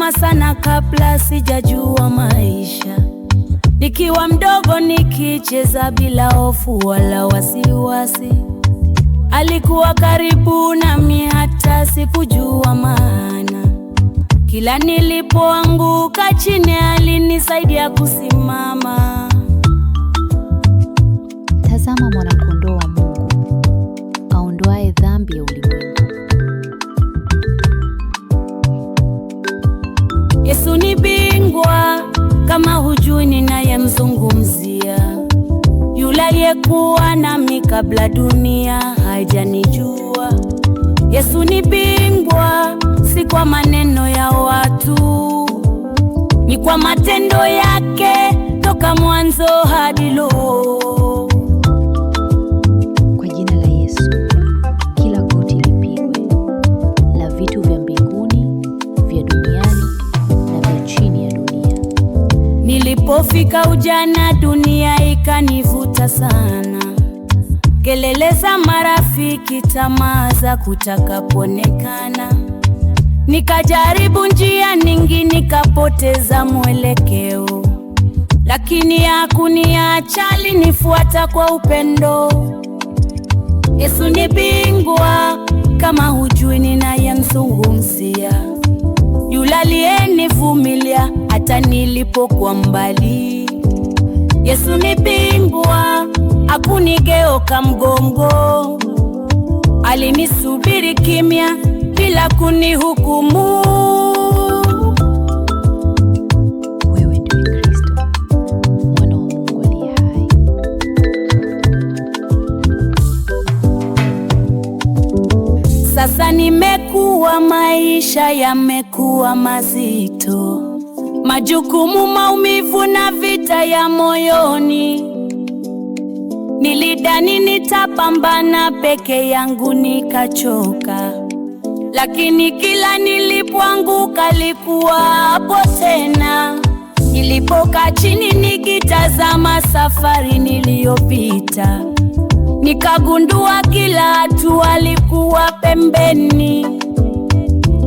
nyuma sana kabla sijajua maisha, nikiwa mdogo nikicheza bila hofu wala wasiwasi. Alikuwa karibu nami hata sikujua maana, kila nilipoanguka chini alinisaidia kusimama. Tazama Mwanangu kabla dunia haijanijua. Yesu ni bingwa, si kwa maneno ya watu, ni kwa matendo yake toka mwanzo hadi leo. Nilipofika ujana dunia ikanivuta sana, kelele za marafiki, tamaa za kutaka kuonekana. Nikajaribu njia nyingi, nikapoteza mwelekeo, lakini hakuniacha, alinifuata kwa upendo. Yesu ni bingwa, kama hujui ninayemzungumzia, yule aliyenivumilia hata nilipokuwa mbali. Yesu ni bingwa akunigeuka mgongo, alinisubiri kimya bila kunihukumu. Sasa nimekuwa, maisha yamekuwa mazito, majukumu, maumivu na vita ya moyoni Nilidani nitapambana peke yangu nikachoka, lakini kila nilipoanguka likuwa hapo tena. Nilipoka chini nikitazama safari niliyopita, nikagundua kila hatua alikuwa pembeni.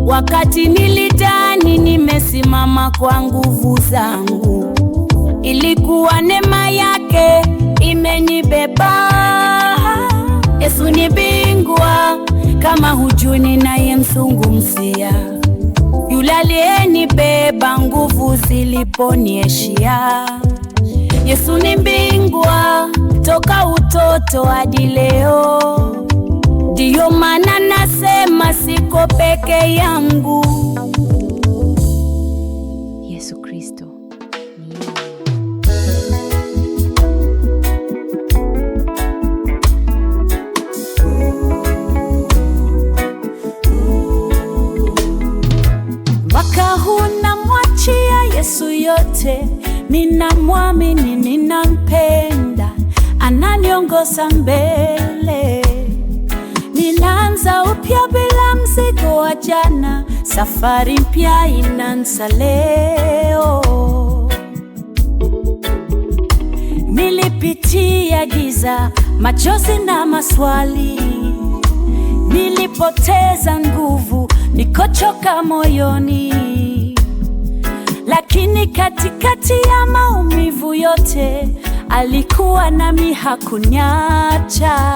Wakati nilidani nimesimama kwa nguvu zangu, ilikuwa neema yake imenibeba. Yesu ni bingwa, kama hujuni naye msungumzia. Yule aliyenibeba nguvu ziliponieshia. Yesu ni bingwa toka utoto hadi leo, ndiyo maana nasema siko peke yangu. kukosa mbele, ninaanza upya bila mzigo wa jana. Safari mpya inaanza leo. Nilipitia giza, machozi na maswali, nilipoteza nguvu, nikochoka moyoni, lakini katikati ya maumivu yote alikuwa nami hakuniacha.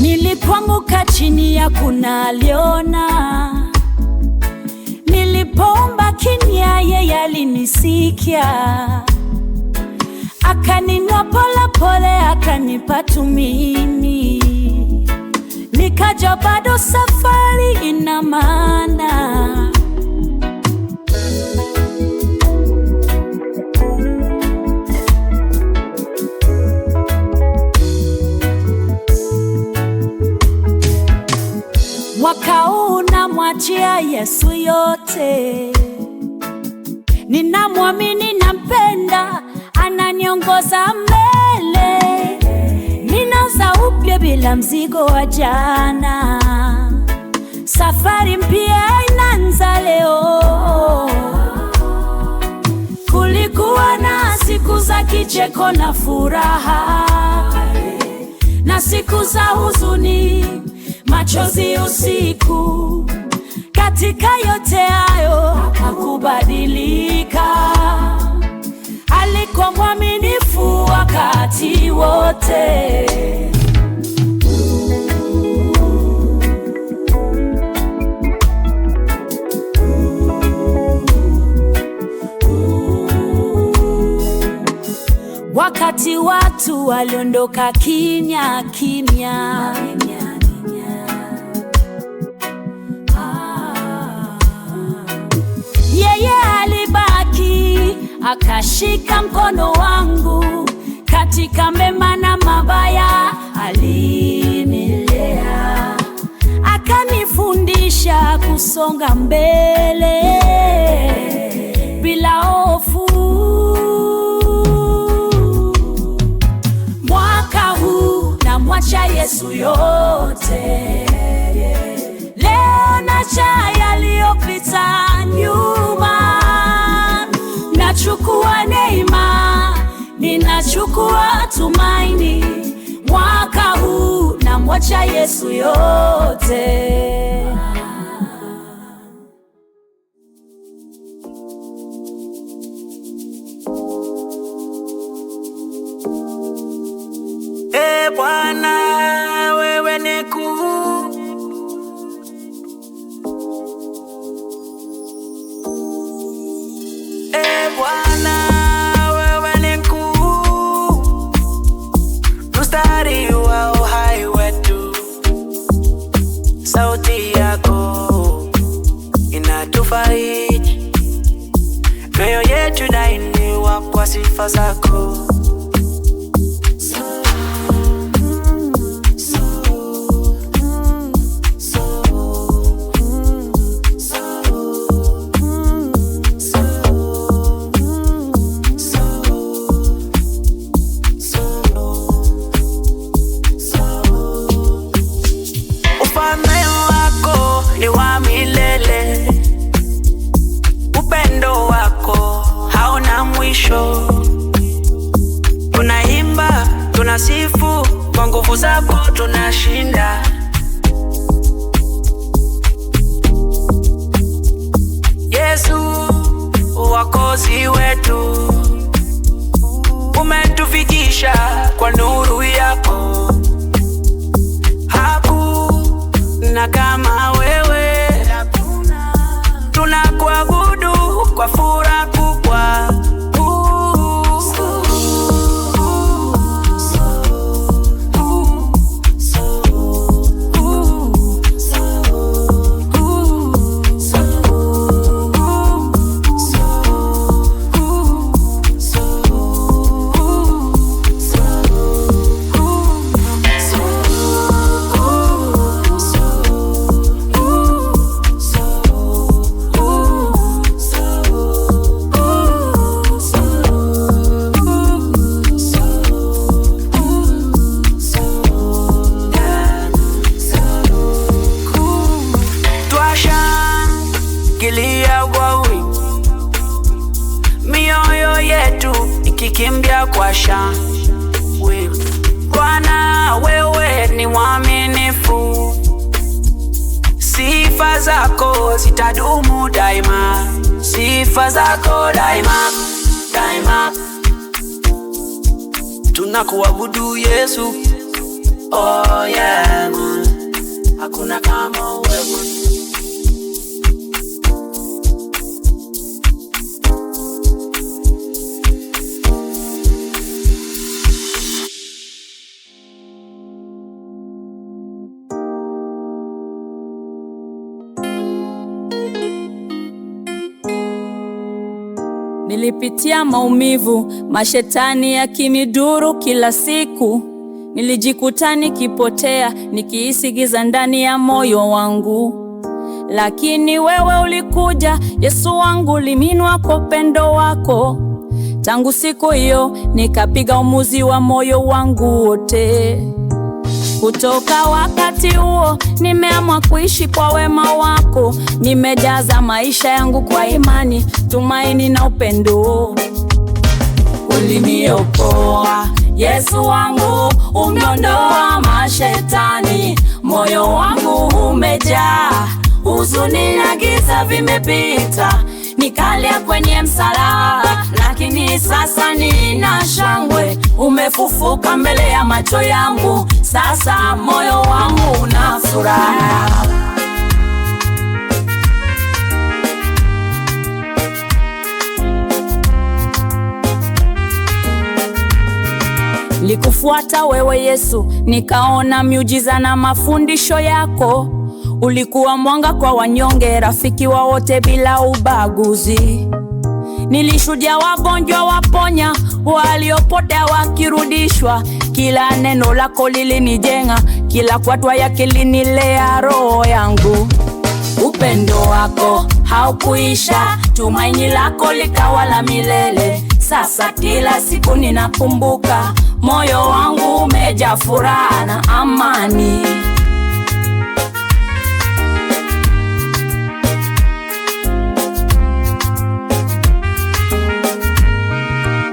Nilipoanguka chini ya kuna aliona, nilipoomba kimya yeye alinisikia akaninua pole pole, akanipa nikajua bado safari ina maana. Mwaka huu namwachia Yesu yote, ninamwamini, nampenda linaniongoza mbele, ninaanza upya bila mzigo wa jana. Safari mpya inaanza leo. Kulikuwa na siku za kicheko na furaha, na siku za huzuni, machozi usiku. Katika yote hayo hakubadilika alikuwa mwaminifu wakati wote. Wakati watu waliondoka kimya kimya ah. yeye yeah, yeah akashika mkono wangu katika mema na mabaya, alinilea akanifundisha kusonga mbele bila hofu. Mwaka huu namwacha Yesu yote, leo nacha yaliyopita nyuma ninachukua neema, ninachukua tumaini mwaka huu, namwacha Yesu yote. Yesu, oh yeah, man, hakuna kama wewe. Nilipitia maumivu, mashetani yakinidhuru kila siku Nilijikuta nikipotea nikihisi giza ndani ya moyo wangu, lakini wewe ulikuja, Yesu wangu, liminwa kwa upendo wako. Tangu siku hiyo nikapiga umuzi wa moyo wangu wote. Kutoka wakati huo nimeamua kuishi kwa wema wako, nimejaza maisha yangu kwa imani, tumaini na upendo. Uliniokoa Yesu wangu umeondoa mashetani, moyo wangu umejaa huzuni na giza vimepita. Nikalia kwenye msalaba, lakini sasa nina shangwe. Umefufuka mbele ya macho yangu, sasa moyo wangu una furaha. kukufuata wewe Yesu, nikaona miujiza na mafundisho yako. Ulikuwa mwanga kwa wanyonge, rafiki wa wote bila ubaguzi. Nilishuhudia wagonjwa waponya, waliopotea wakirudishwa. Kila neno lako lilinijenga, kila kwatwa yakilinilea roho yangu. Upendo wako haukuisha, tumaini lako likawa la milele. Sasa kila siku ninakumbuka moyo wangu umejaa furaha na amani.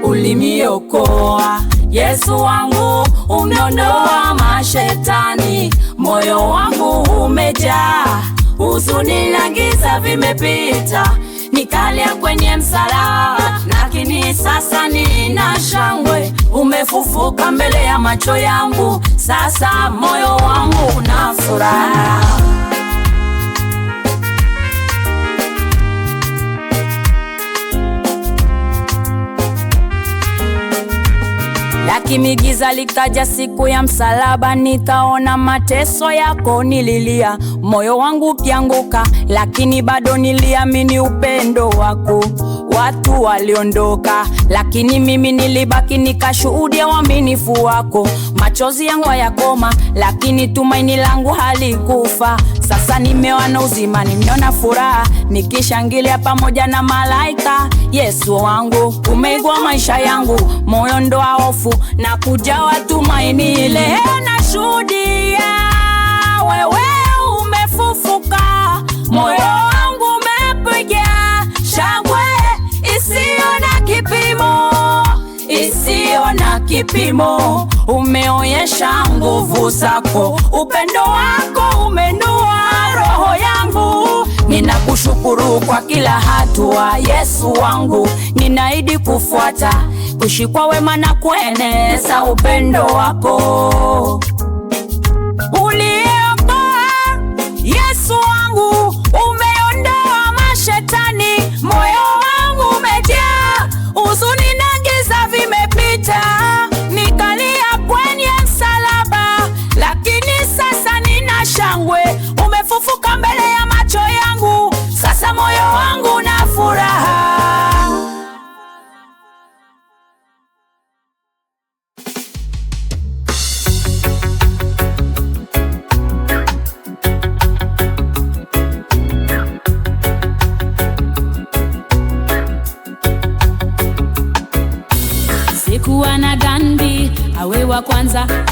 Uliniokoa Yesu wangu, umeondoa mashetani, moyo wangu umejaa huzuni na giza vimepita nikalia kwenye msalaba, lakini sasa nina shangwe, umefufuka mbele ya macho yangu, sasa moyo wangu una furaha. Lakini giza likaja siku ya msalaba, nikaona mateso yako, nililia, moyo wangu ukianguka, lakini bado niliamini upendo wako watu waliondoka, lakini mimi nilibaki nikashuhudia uaminifu wako. Machozi yangu hayakoma, lakini tumaini langu halikufa. Sasa nimeona uzima, nimeona furaha, nikishangilia pamoja na malaika. Yesu wangu umeigwa maisha yangu, moyo ndoa hofu na kujawa tumaini. Leo nashuhudia wewe umefufuka moyo na kipimo, umeonyesha nguvu zako, upendo wako umenua roho yangu. Ninakushukuru kwa kila hatua, Yesu wangu, ninaahidi kufuata, kushikwa wema na kueneza upendo wako.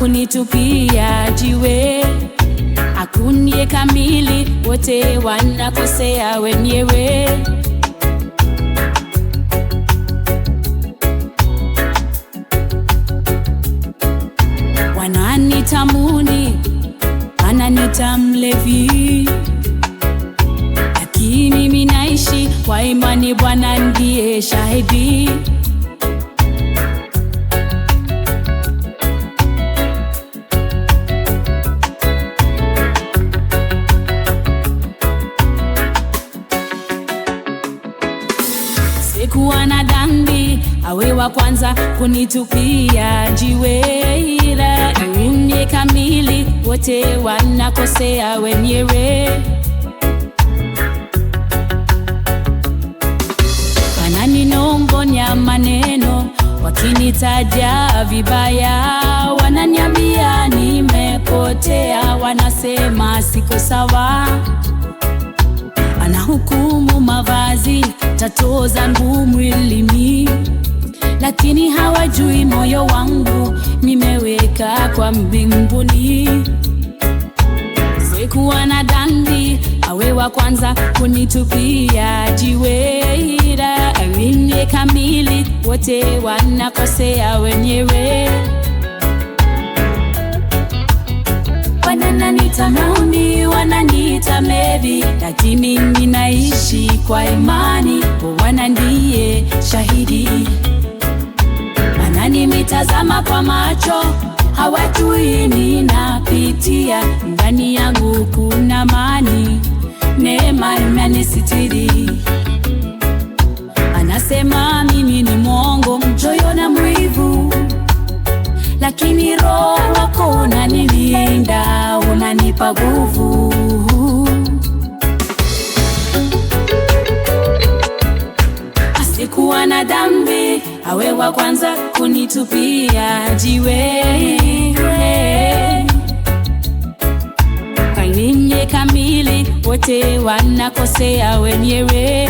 hakunitupia jiwe, hakuniye kamili, wote wanakosea wenyewe. Wananita muni, wananita mlevi, lakini minaishi kwa imani. Bwana ndiye shahidi. wa kwanza kunitupia jiwe, ila dunia kamili wote wanakosea wenyewe. Wananinongonya maneno, wakinitaja vibaya, wananiambia nimepotea, wanasema siko sawa anahukumu mavazi, tatoza ngumu mwilini lakini hawajui moyo wangu nimeweka kwa mbinguni. Sikuwa na dhambi, awe wa kwanza kunitupia jiwe, ila aliye kamili, wote wanakosea wenyewe. Wananita Naomi, wananita Mary, lakini ninaishi kwa imani, Bwana ndiye shahidi. Wananitazama kwa macho hawajui ninapitia. Ndani yangu kuna amani, neema imenisitiri. Anasema mimi ni mwongo, mchoyo na mwivu, lakini Roho wako unanilinda, unanipa nguvu Sikuwa na dhambi awe wa kwanza kunitupia jiwe. Kaninye kamili, wote wanakosea wenyewe.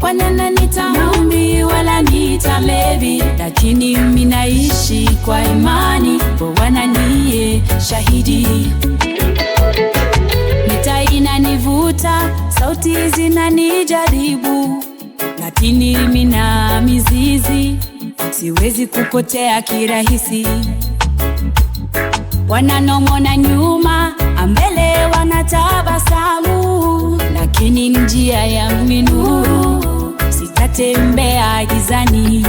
Kwa nana nitaumbi wala nitalevi, lakini minaishi kwa imani, Bwana niye shahidi. Mita inanivuta, sauti zinanijaribu, lakini mina mizizi siwezi kupotea kirahisi. Wananong'ona nyuma, ambele wanatabasamu, lakini njia ya mninu, sitatembea gizani.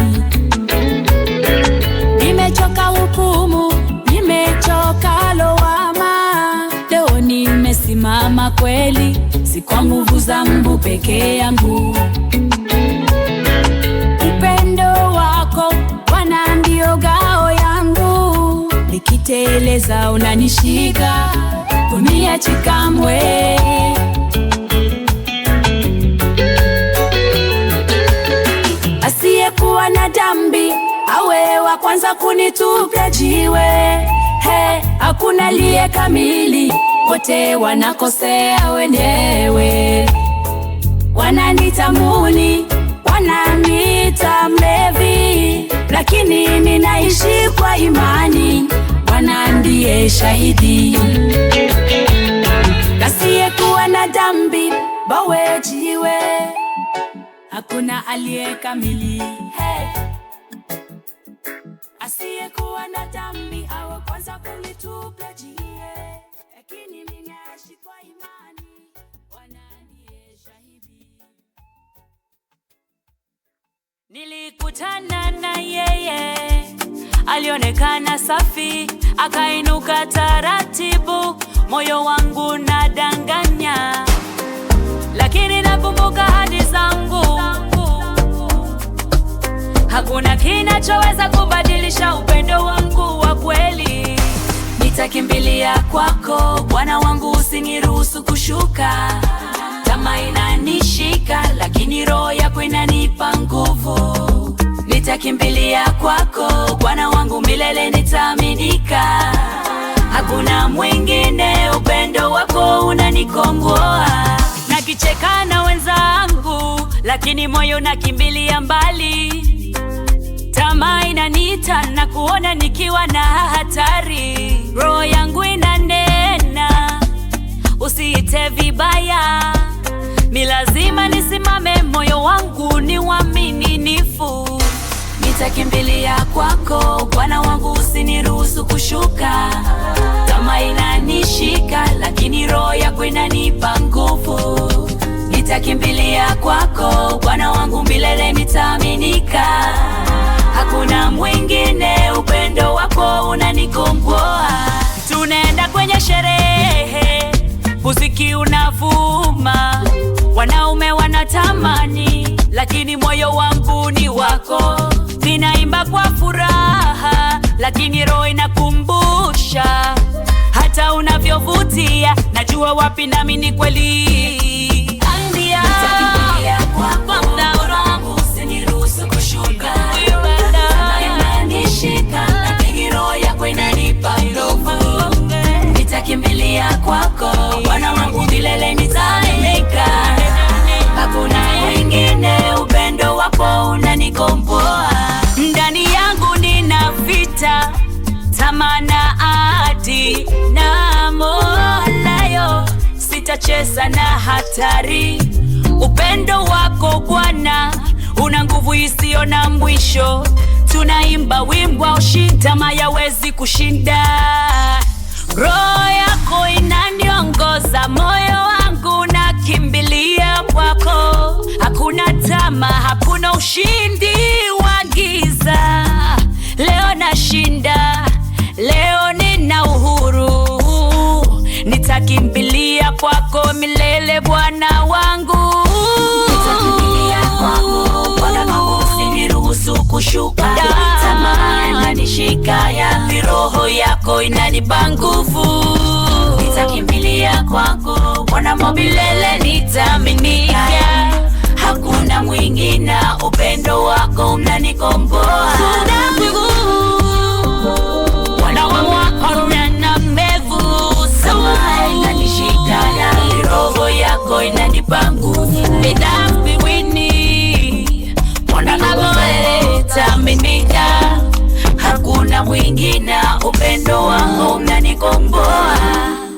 Nimechoka hukumu, nimechoka lowama leo nimesimama kweli, si kwa nguvu mbu peke yangu. Unateleza, unanishika, uniachi kamwe. Asiyekuwa na dhambi awe wa kwanza kunitupa jiwe. He, hakuna liye kamili, wote wanakosea wenyewe. Wananitamuni, wananiita mlevi, lakini ninaishi kwa imani. Bwana ndiye shahidi, nasiyekuwa na dhambi jiwe, hakuna aliye kamili, asiyekuwa na dhambi awe kwanza kulitupa jiwe. Nilikutana na yeye, alionekana safi, akainuka taratibu, moyo wangu nadanganya, lakini nakumbuka hadi zangu, hakuna kinachoweza kubadilisha upendo wangu wa kweli. Nitakimbilia kwako Bwana wangu, usiniruhusu kushuka kama inanishika lakini roho yako inanipa nguvu. Nitakimbilia kwako Bwana wangu, milele nitaaminika. Hakuna mwingine, upendo wako unanikomboa. Nakicheka na wenzangu, lakini moyo nakimbilia mbali. Tamaa inaniita na kuona nikiwa na hatari. Roho yangu inanena, usiite vibaya lazima nisimame, moyo wangu ni waaminifu. Nitakimbilia kwako Bwana wangu, usiniruhusu kushuka. Tamaa inanishika, lakini roho yako inanipa nguvu. Nitakimbilia kwako Bwana wangu, milele nitaaminika. Hakuna mwingine, upendo wako unanikomboa. Tunaenda kwenye sherehe muziki unavuma, wanaume wanatamani, lakini moyo wangu ni wako. Ninaimba kwa furaha, lakini roho inakumbusha hata unavyovutia, najua wapi nami ni kweli nakimbilia kwako Bwana wangu milele nitaeleka, hakuna wengine, upendo wako unanikomboa. Ndani yangu nina vita, tamaa na ahadi na Mola, yo sitacheza na hatari. Upendo wako Bwana una nguvu isiyo na mwisho, tunaimba wimbo wa ushindi, tamaa yawezi kushinda Roho yako inaniongoza, moyo wangu nakimbilia kwako. Hakuna tama, hakuna ushindi wa giza. Leo nashinda, leo nina uhuru, nitakimbilia kwako milele, Bwana wangu. kushuka tamaa inanishika ya viroho yako inanipa nguvu, nitakimbilia kwako mwanamo milele nitaaminika, hakuna mwingine, upendo wako unanikomboa inanishika ya viroho yako inanipa nguvu nitaaminika, hakuna mwingine, upendo wako unanikomboa